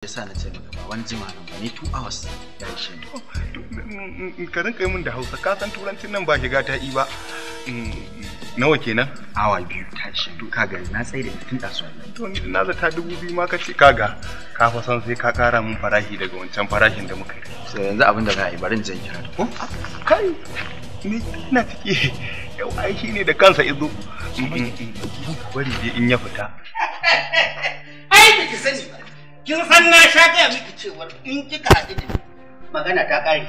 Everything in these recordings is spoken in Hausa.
ya sa na ce maka ba wani jima nan ba ne two hours ya mm, yi shi ka rinka min da hausa ka san turancin nan ba shiga ta yi ba mm, nawa kenan awa biyu ta shi to kaga na tsaye da tun dasu to ni na zata dubu biyu ma kace kaga ka fa san sai ka kara min farashi daga wancan farashin da muka yi sai yanzu abin da za a yi barin zan kira ko oh, kai ni ina ciki yau ai shi ne da kansa izo mm, bari je in ya fita ai ki sani ba kin san na sha gaya miki cewar in kika haɗu da magana ta ƙare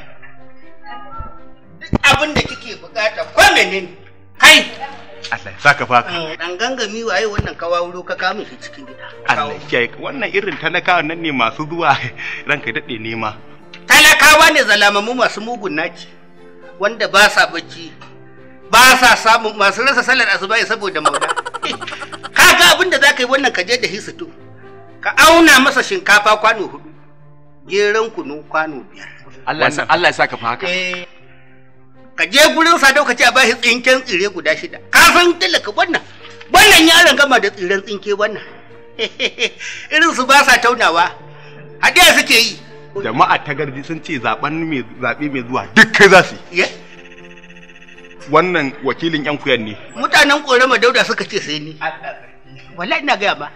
duk abin da kike bukata ko menene kai Allah ya saka faka. Dan mm, gangami waye wannan kawa wuro ka kamun shi cikin gida. Allah ya wannan irin talakawa nan ne masu zuwa ranka daɗe nema. Talakawa ne zalamamu masu mugun naci wanda ba sa bacci ba sa samun masu rasa salar asuba saboda mauna. Kaga abin da za yi wannan kaje da hisitu. ka auna masa shinkafa kwano hudu geran kunu kwano biyar Allah ya saka fa haka eh, ka je gurin sa dauka ce a bashi tsinken tsire guda shida Ka san talaka wannan wannan yaron gama da tsiren tsinke wannan irin su ba sa taunawa hadiya suke yi jama'a ta garji sun ce zaben mai zabe mai zuwa duk za su yi wannan wakilin yan kuyan ne mutanen korama dauda suka ce sai ni wallahi ina gaya ba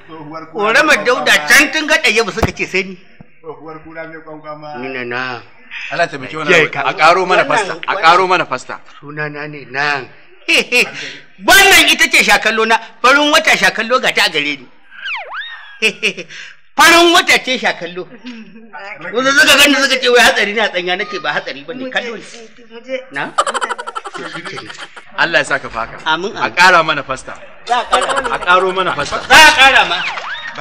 ƙoramar dauda can tun ga ɗaya ba suka ce sai ni tsohuwar kura mai kwangwa ma ni na na Allah ta biki wani a ƙaro mana fasta a ƙaro mana fasta sunana ne na? wannan ita ce shakallo na farin wata shakallo ga ta a gare ni farin wata ce shakallo wanda suka gani suka ce wai hatsari na tsanya na ba hatsari ba ne kallo eh, na Allah ya saka faka a ƙara mana fasta za a ƙaro mana fasta za a ƙara ma